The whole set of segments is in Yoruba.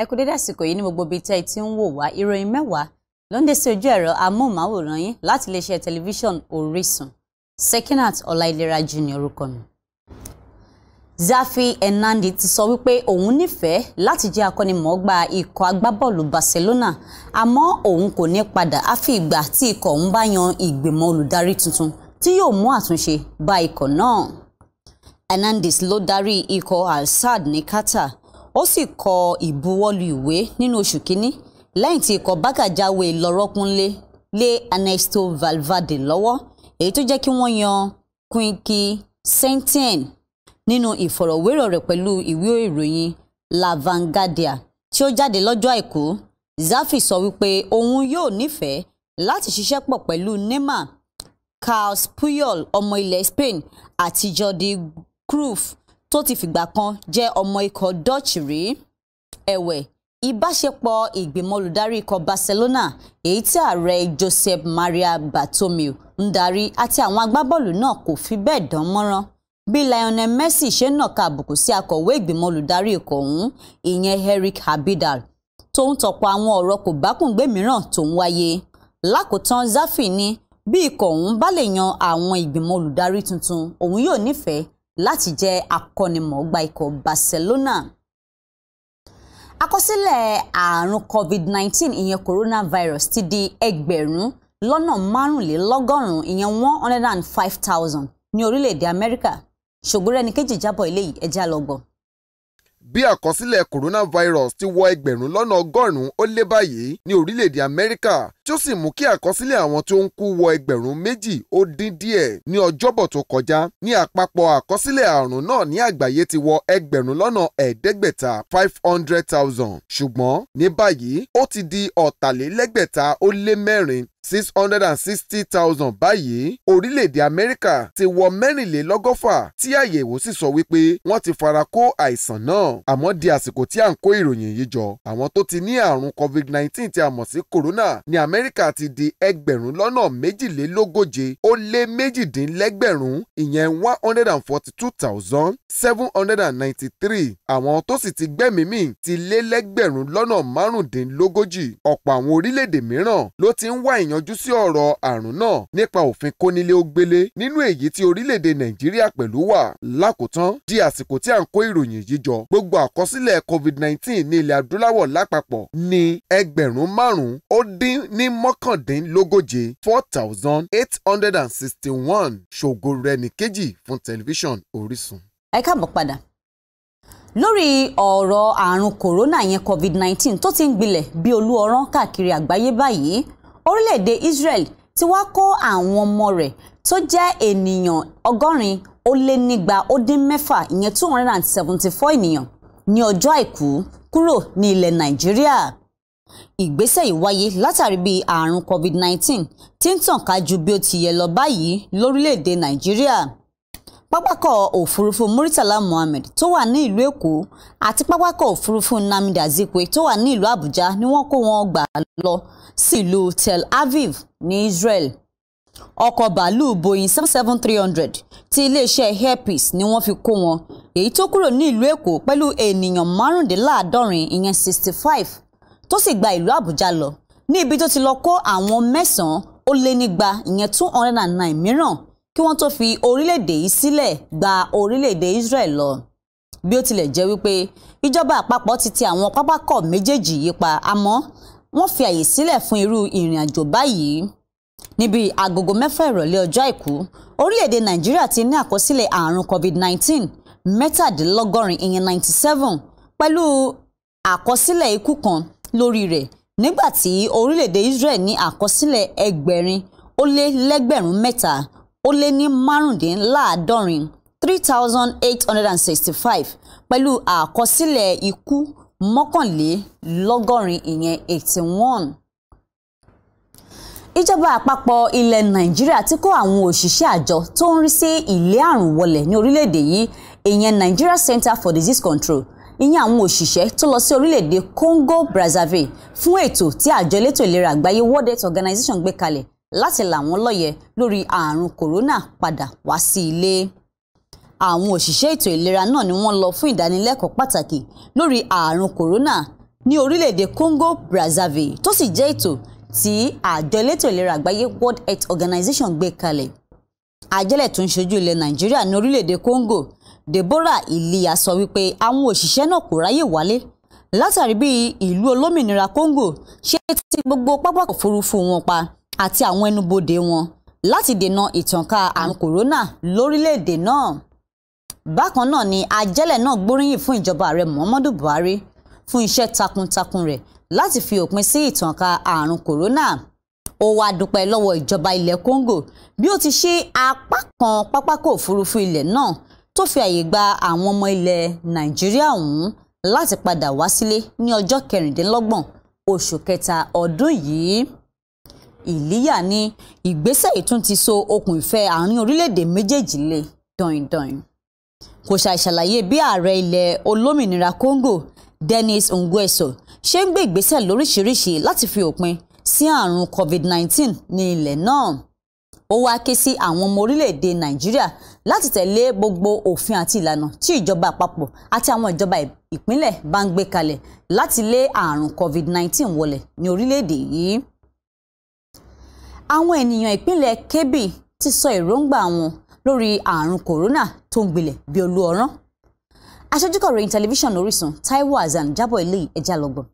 ẹ kú dédé àsìkò yìí ní gbogbo ibi tẹ́ ẹ ti ń wò wá ìròyìn mẹ́wàá ló ń dé sí ojú ẹ̀rọ amóhùnmáwòrán yín láti iléeṣẹ́ tẹlifíṣọ̀n Orísun Sekinat Ọláìlera Junior orúkọ mi. Xavi Hernandez ti sọ wípé òun nífẹ̀ẹ́ láti jẹ́ akọ́nimọ̀ọ́gbà ikọ̀ agbábọ́ọ̀lù Barcelona àmọ́ òun kò ní padà àfi ìgbà tí ikọ̀ òun bá yan ìgbìmọ̀ olùdarí tuntun tí yóò mú àtúnṣe bá ikọ̀ náà. Hernandez ló darí ikọ̀ al ní Qatar ó sì kọ ìbuwọ́lù ìwé nínú oṣù kínní lẹ́yìn tí ikọ̀ Barca lọ́rọ́kúnlé lé Ernesto Valverde lọ́wọ́ èyí tó jẹ́ kí wọ́n yan Quique Setién nínú ìfọ̀rọ̀wérọ̀ rẹ̀ pẹ̀lú ìwé ìròyìn La Vanguardia tí ó jáde lọ́jọ́ àìkú Zafi sọ wípé òun yóò nífẹ̀ẹ́ láti ṣiṣẹ́ pọ̀ pẹ̀lú Neymar Carles Puyol ọmọ ilẹ̀ Spain àti Jordi Cruyff tó ti fìgbà kan jẹ́ ọmọ ikọ̀ Dutch rí ẹ̀wẹ̀ ìbáṣepọ̀ ìgbìmọ̀ olùdarí ikọ̀ Barcelona èyí tí ààrẹ Josep Maria Bartomeu ń darí àti àwọn agbábọ́ọ̀lù náà kò fi bẹ́ẹ̀ dán mọ́rán bí Lionel Messi ṣe nàka àbùkù sí akọ̀wé ìgbìmọ̀ olùdarí ikọ̀ ọ̀hún ìyẹn Eric Abidal tó ń tọ̀pọ̀ àwọn ọ̀rọ̀ kò bákùngbé mìíràn tó ń wáyé lákòótán Zafi ní bí ikọ̀ ọ̀hún bá lè yan àwọn ìgbìmọ̀ olùdarí tuntun òun yóò nífẹ̀ẹ́ láti jẹ́ akọ́nimọ̀ọ́gbá ikọ̀ Barcelona. Àkọsílẹ̀ ààrùn COVID-19 ìyẹn coronavirus ti di ẹgbẹ̀rún lọ́nà márùnlélọ́gọ́rùn-ún ìyẹn one hundred and five thousand ní orílẹ̀-èdè Amẹ́ríkà ṣògbórẹ́ni kejì jábọ̀ ilé yìí ẹjẹ́ àlọ́gbọ̀n bí àkọsílẹ̀ coronavirus ti wọ ẹgbẹ̀rún lọ́nà ọgọ́rùn-ún ó lé báyìí ní orílẹ̀-èdè Amẹ́ríkà tí ó sì mú kí àkọsílẹ̀ àwọn tó ń kú wọ ẹgbẹ̀rún méjì ó dín díẹ̀ ní ọjọ́bọ̀ tó kọjá ní àpapọ̀ àkọsílẹ̀ àrùn náà ní àgbáyé ti wọ ẹgbẹ̀rún lọ́nà ẹ̀ẹ́dẹ́gbẹ̀ta five hundred thousand ṣùgbọ́n ní báyìí ó ti di ọ̀tàlélẹ́gbẹ̀ta ó lé mẹ́rin six hundred and sixty thousand báyìí orílẹ̀-èdè amẹ́ríkà ti wọ mẹ́rìnlélọ́gọ́fà tí àyẹ̀wò sì sọ wípé wọ́n ti fara kó àìsàn náà àmọ́ di àsìkò tí à ń kó ìròyìn yìí jọ àwọn tó ti ní àrùn covid nineteen tí a mọ̀ sí corona ní amẹ́ríkà ti di ẹgbẹ̀rún lọ́nà méjìlélógóje ó lé méjìdínlẹ́gbẹ̀rún ìyẹn one hundred and forty two thousand seven hundred and ninety three àwọn tó sì ti gbẹ́mìí mì ti lé lẹ́gbẹ̀rún lọ́nà márùndínlógójì ọ̀pọ̀ àwọn orílẹ̀-èdè mìíràn ló ti ń wá èèyàn ìyanjú sí ọ̀rọ̀ àrùn náà nípa òfin kónílé-ó-gbélé nínú èyí tí orílẹ̀-èdè nàìjíríà pẹ̀lú wà lákòótán di àsìkò tí à ń kó ìròyìn yìí jọ gbogbo àkọsílẹ̀ covid-19 ní ilẹ̀ adúláwọ̀ lápapọ̀ ní ẹgbẹ̀rún márùn-ún ó dín ní mọ́kàndínlógóje four thousand eight hundred and sixty one ṣògo rẹ̀ nìkejì fún tẹlifíṣàn Orísun. ẹ káàbọ̀ padà lórí ọ̀rọ̀ àrùn kòrónà yẹn covid-19 tó ti ń gbilẹ̀ bí olú ọ̀rán káàkiri àgbáyé báyìí orílẹ̀-èdè Israel ti wá kó àwọn ọmọ rẹ̀ tó jẹ́ ènìyàn ọgọ́rin ó lé nígba ó dín mẹ́fà ìyẹn two hundred and seventy four ènìyàn ní ọjọ́ àìkú kúrò ní ilẹ̀ Nàìjíríà ìgbésẹ̀ yìí wáyé látàrí bí àrùn COVID-19 ti ń tàn ká ju bí ó ti yẹ lọ báyìí lórílẹ̀-èdè Nàìjíríà pápákọ̀ òfurufú Muritala Muhammed tó wà ní ìlú Èkó àti pápákọ̀ òfurufú Nnamdi Azikwe tó wà ní ìlú Àbújá ni wọ́n kó wọn gbà lọ sí ìlú Tel Aviv ní Israel ọkọ̀ bàálù Boeing seven seven three hundred ti iléeṣẹ́ Air Peace ni wọ́n fi kó wọn èyí tó kúrò ní ìlú Èkó pẹ̀lú ènìyàn márùndínláàádọ́rin ìyẹn sixty five tó sì gba ìlú Àbújá lọ ní ibi tó ti lọ kó àwọn mẹ́sàn-án ó lé nígba ìyẹn two hundred and nine mìíràn kí wọ́n tó fi orílẹ̀-èdè yìí sílẹ̀ gba orílẹ̀-èdè Israel lọ bí ó tilẹ̀ jẹ́ wípé ìjọba àpapọ̀ ti ti àwọn pápákọ̀ méjèèjì yìí pa àmọ́ wọ́n fi àyè sílẹ̀ fún irú ìrìn àjò báyìí níbi agogo mẹ́fà ìrọ̀lẹ́ ọjọ́ àìkú orílẹ̀-èdè Nàìjíríà ti ní àkọsílẹ̀ àrùn COVID-19 mẹ́tàdínlọ́gọ́rin ìyẹn 97 pẹ̀lú àkọsílẹ̀ ikú kan lórí rẹ̀ nígbà tí orílẹ̀-èdè Israel ní àkọsílẹ̀ ẹgbẹ̀rin ó lé lẹ́gbẹ̀rún mẹ́ta ó lé ní márùndínláàádọ́rin three thousand eight hundred and sixty-five pẹ̀lú àkọsílẹ̀ ikú mọ́kànlélọ́gọ́rin ìyẹn eighty one ìjọba àpapọ̀ ilẹ̀ nàìjíríà ti kó àwọn òṣìṣẹ́ àjọ tó ń rí sí ilé àrùn wọlé ní orílẹ̀-èdè yìí ìyẹn nigeria center for disease control ìyẹn àwọn òṣìṣẹ́ tó lọ sí orílẹ̀-èdè congo brazzaville fún ètò tí àjọ elétò ìlera àgbáyé world health organization gbé kalẹ̀ láti là wọ́n lọ́yẹ̀ lórí ààrùn kòrónà padà wá sí ilé. àwọn òṣìṣẹ́ ètò ìlera náà ni wọ́n lọ fún ìdánilẹ́kọ̀ọ́ pàtàkì lórí ààrùn kòrónà ní orílẹ̀-èdè Congo Brazzaville tó sì jẹ́ ètò tí àjọ elétò ìlera àgbáyé World Health Organization gbé kalẹ̀ àjẹ́lẹ̀ tó ń ṣojú ilẹ̀ Nàìjíríà ní orílẹ̀-èdè Congo Deborah Iliya sọ wípé àwọn òṣìṣẹ́ náà kò ráyè wálé látàrí bí ìlú olómìnira Congo ṣe ti gbogbo pápákọ̀ òfurufú wọn pa àti àwọn ẹnubodè wọn láti dènà ìtànká àrùn kòrónà lórílẹ̀‐èdè náà bákan náà ni ajẹ́lẹ̀ náà gbóríyìn fún ìjọba ààrẹ Muhammadu Buhari fún iṣẹ́ takuntakun rẹ̀ láti fi òpin sí ìtànká àrùn kòrónà ó wá dúpẹ́ lọ́wọ́ ìjọba ilẹ̀ Congo bí ó ti ṣe apá kan pápákọ̀ òfurufú ilẹ̀ náà tó fi àyè gba àwọn ọmọ ilẹ̀ Nàìjíríà ọ̀hún láti padà wá sílé ní ọjọ́ kẹrìndínlọ́gbọ̀n oṣù kẹta ọdún yìí ìlíyà ní ìgbésẹ̀ ìtún ti so okùn ìfẹ́ àárín orílẹ̀-èdè méjèèjì le dọ̀yìndọ̀yìn kò ṣàì ṣàlàyé bí ààrẹ ilẹ̀ olómìnira Congo Denis Nguesso ṣe ń gbé ìgbésẹ̀ lóríṣiríṣi láti fi òpin sí àrùn COVID-19 ní ilẹ̀ náà ó wáá ké sí àwọn ọmọ orílẹ̀-èdè nàìjíríà láti tẹ̀lé gbogbo òfin àti ìlànà tí ìjọba àpapọ̀ àti àwọn ìjọba ìpínlẹ̀ bá ń gbé kalẹ̀ láti lé àrùn covid-19 wọlẹ̀ ní orílẹ̀-èdè yìí àwọn ènìyàn ìpínlẹ̀ Kebbi ti sọ èròǹgbà wọn lórí àrùn kòrónà tó ń gbilẹ̀ bí olú ọ̀rán aṣojúkọ̀ròyìn tẹlifíṣàn Orísun Taiwo Azan jábọ̀ ilé ẹja lọ́gbọ̀n.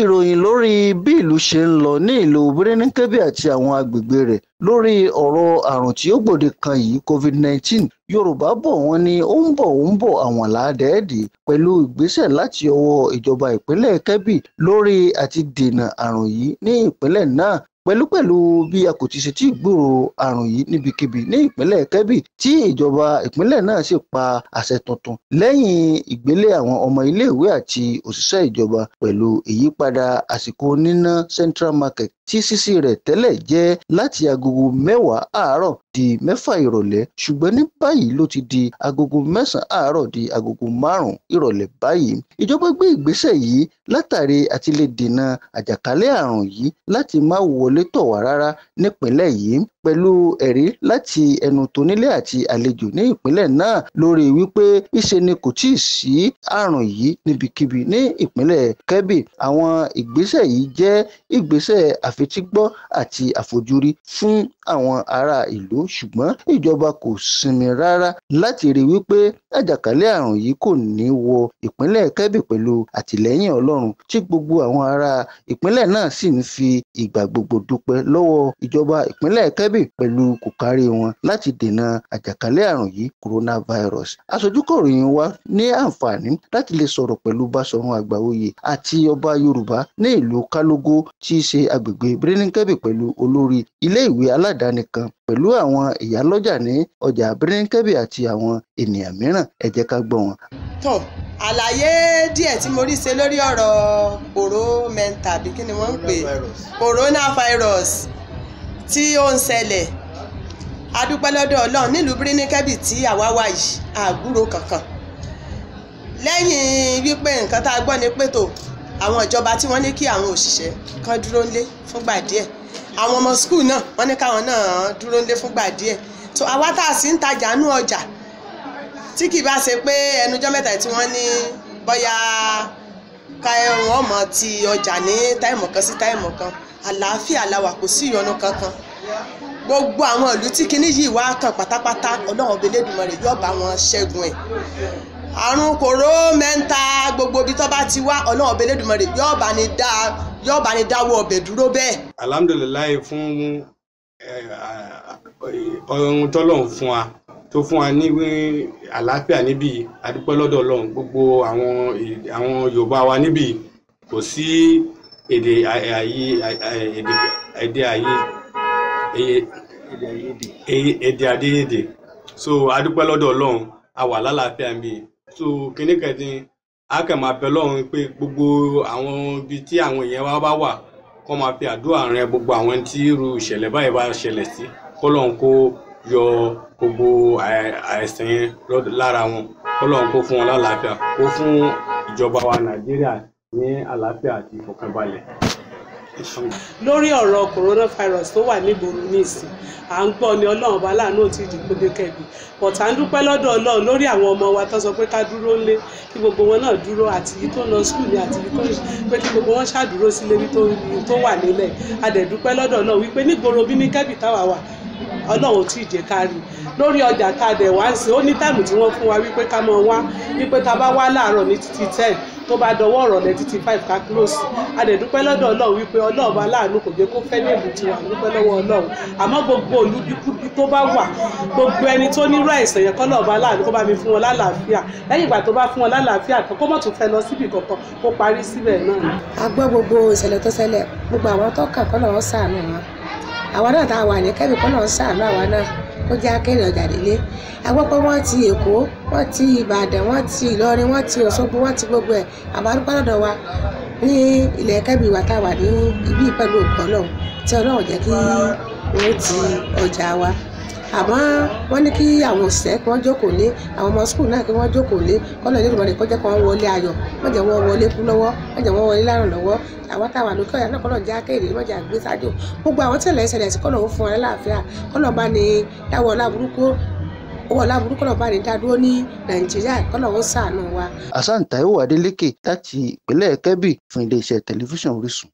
ìròyìn lórí bí ìlú ṣe ń lọ ní ìlú Birnin Kebbi àti àwọn agbègbè rẹ̀ lórí ọ̀rọ̀ àrùn tí ó gbòde kan yìí COVID-19 Yorùbá bọ̀ wọ́n ní ó ń bọ̀ ó ń bọ̀ àwọn làádẹ́ẹ̀dì pẹ̀lú ìgbésẹ̀ láti ọwọ́ ìjọba ìpínlẹ̀ Kebbi lórí àti dènà àrùn yìí ní ìpínlẹ̀ náà pẹ̀lúpẹ̀lú bí a kò ti ṣe tí gbòòrò àrùn yìí níbikíbi ní ìpínlẹ̀ Kebbi tí ìjọba ìpínlẹ̀ náà sì pa àṣẹ tuntun lẹ́yìn ìgbélé àwọn ọmọ iléèwé àti òṣìṣẹ́ ìjọba pẹ̀lú ìyípadà àsìkò níná Central Market tí ṣíṣí rẹ̀ tẹ́lẹ̀ jẹ́ láti agogo mẹ́wàá àárọ̀ di mẹ́fà ìrọ̀lẹ́ ṣùgbọ́n ní báyìí ló ti di agogo mẹ́sàn-án di agogo márùn-ún ìrọ̀lẹ́ báyìí. ìjọba gbé ìgbésẹ̀ yìí látàrí àti lè dènà àjàkálẹ̀ àrùn yìí láti má wọlé tọ̀ rárá nípìnlẹ̀ yìí pẹ̀lú ẹ̀rí láti ẹnu tónílé àti àlejò ní ìpínlẹ̀ náà lórí wípé ìṣe ni kò tíì sí àrùn yìí níbikíbi ní ìpínlẹ̀ Kebbi àwọn ìgbésẹ̀ yìí jẹ́ ìgbésẹ̀ àfetígbọ́ àti àfojúrí fún àwọn ará ìlú ṣùgbọ́n ìjọba kò sinmi rárá láti rí wípé àjàkálẹ̀ àrùn yìí kò ní wọ ìpínlẹ̀ Kebbi pẹ̀lú àtìlẹ́yìn Ọlọ́run tí gbogbo àwọn ará ìpínlẹ̀ náà sì ń fi ìgbà gbogbo dúpẹ́ lọ́wọ́ ìjọba ìpínlẹ̀ Kebbi seven pẹ̀lú kòkárí wọn láti dènà àjàkálẹ̀ àrùn yìí coronavirus. aṣojú kọ̀ròyìn wa ní àǹfààní láti lè sọ̀rọ̀ pẹ̀lú Báṣọ̀run Àgbàoyè àti ọba Yorùbá ní ìlú Kálógó tí í ṣe agbègbè Birnin-Kebbi pẹ̀lú olórí ilé-ìwé aládàáni kan pẹ̀lú àwọn ìyálọ́jà ní ọjà Birnin-Kebbi àti àwọn ènìyàn mìíràn ẹ jẹ́ ká gbọ́ wọn. tó àlàyé díẹ̀ tí mo rí ṣe lórí ọ̀rọ̀ òró mẹ́ta àbí kí ni wọ́n ń pè coronavirus tí ó ń ṣẹlẹ̀ adúpẹ́ lọ́dọ̀ ọlọ́run nílùú Birnin-Kebbi tí àwa wà yìí àgbúrò kankan lẹ́yìn wípé nǹkan tá a gbọ́ ni pé tó àwọn ìjọba tí wọ́n ní kí àwọn òṣìṣẹ́ kan dúró ńlé fúngbà díẹ̀ àwọn ọmọ skul náà wọ́n ní káwọn náà dúró ńlé fúngbà díẹ̀ tó àwa tá a sì ń tajà nú ọjà tí kì bá ṣe pé ẹnujọ́ mẹ́ta tí wọ́n ní bóyá ká ẹ̀wọ̀n ọmọ ti ọjà ní táìmù kan sí táìmù kan àlàáfíà làwà kò sí ìyọnu kankan gbogbo àwọn ìlú tí kinní yìí wá kàn pátápátá ọlọ́run ọbẹ̀ lẹ́dùnmọ̀rẹ̀ yóò bá wọn ṣẹ́gun ẹ̀ àrùn kòró mẹ́ńtà gbogbo ibi tó bá ti wá ọlọ́run ọbẹ̀ lẹ́dùnmọ̀rẹ̀ yóò bá ní dá yóò bá ní dáwọ́ ọbẹ̀ dúró bẹ́ẹ̀. alhamdulilayi fún ohun tọ́lọ́run fún wa tó fún wa ní àlàáfíà níbí adúpẹ́ lọ́dọ̀ ọlọ́run gbogbo àwọn Yorùbá wa níbí kò sí èdè èdè àdéhèdè so adúpẹ́ lọ́dọ̀ ọlọ́run a wà lálàáfíà mi so kíní kẹ́tì a kàn máa bẹ lọ́run pé gbogbo àwọn ibi tí àwọn èèyàn wa bá wà kọ́ máa fi àdúrà rẹ gbogbo àwọn tí irú ìṣẹ̀lẹ̀ báyìí bá ṣẹlẹ̀ sí kọ́lọ́run kó yọ gbogbo àìsàn yẹn lára wọn kọ́lọ́run kó fún wọn lálàáfíà kó fún ìjọba wa Nàìjíríà ní àlàáfíà àti ìfọ̀kànbalẹ̀. lórí ọ̀rọ̀ coronavirus tó wà nígboro nísìn à ń gbọ́ ni ọlọ́run ọba láàánú ò tí ì dìbò dé kẹ́bi but à ń dúpẹ́ lọ́dọ̀ ọlọ́run lórí àwọn ọmọ wa tó sọ pé ká dúró ńlé kí gbogbo wọn náà dúró àti yìí tó ń lọ skul ni àti yìí tó pé kí gbogbo wọn ṣàdúró sílé tó wà nílẹ̀ a dẹ̀ dúpẹ́ lọ́dọ̀ ọlọ́run wípé nígboro bí ní kẹ́bi táwa wà ọlọ́run tí ì jẹ́ ká rí lórí ọjà tá a dẹ̀ wá ń sìn ó ní táìmù tí wọ́n fún wa wípé ká máa wá wípé tá a bá wá láàárọ̀ ní títí ten tó bá dọwọ́ ọ̀rọ̀lẹ́ títí five ká close a dẹ̀ dúpẹ́ lọ́dọ̀ ọlọ́run wípé ọlọ́run aláàánú kò jẹ́ kó fẹ́ ní èlù tiwa dúpẹ́ lọ́wọ́ ọlọ́run àmọ́ gbogbo olúbíkúbí tó bá wà gbogbo ẹni tó nírú àìsàn yẹn kọ́ lọ́ọ̀bá aláàánú kó bá mi fún wọn lálàáfíà lẹ́yìn ìgbà tó bá fún wọn lálàáfíà kan kó mọ̀ tún fẹ́ lọ síbì kankan kó parí síbẹ̀ náà. a gbọ́ gbogbo ìṣẹ̀lẹ̀ tó ṣẹlẹ̀ gbogbo àwọn tó kàn kọ́ àwa náà tá a wà ní kẹ́mi kọ́ náà ń sàánú àwa náà kó jẹ́ akéèrè ọjà délé agbọ́pọ̀ wọ́n ti èkó wọ́n ti ìbàdàn wọ́n ti ìlọrin wọ́n ti òṣogbo wọ́n ti gbogbo ẹ̀ àmọ́dúpọ́lọ́dọ̀ wa ní ilẹ̀ kẹ́mi ìwà tá a wà ní ibi pẹ̀lú òkú ọlọ́run tí ọlọ́run jẹ́ kí wọ́n ti ọjà wa àmọ́ wọ́n ní kí àwọn òṣìṣẹ́ kí wọ́n jókòó lé àwọn ọmọ skul náà kí wọ́n jókòó lé kọ́lọ̀ ilé ìdùnnú kọjá kí wọ́n wọlé ayọ̀ wọ́n jẹ́ wọ́n wọlé kú lọ́wọ́ wọ́n jẹ́ wọ́n wọlé lárùn lọ́wọ́ àwọn táwa lókè ọ̀yà náà kọ́lọ̀ jẹ́ akéèrè wọ́n jẹ́ àgbé sájò gbogbo àwọn tẹ̀lẹ̀ ìṣẹ̀lẹ̀ sí kọ́lọ̀ ó fún láàfíà kọ́lọ̀ bá ní dáwọ́ ọlá owó ọlá burúkú bá ní dádúró ní nàìjíríà kọ́lọ̀ ó ṣàánú wa. àṣà ń adeleke láti ìpínlẹ̀ kẹ́bì fún iléeṣẹ́ tẹlifíṣàn orísun.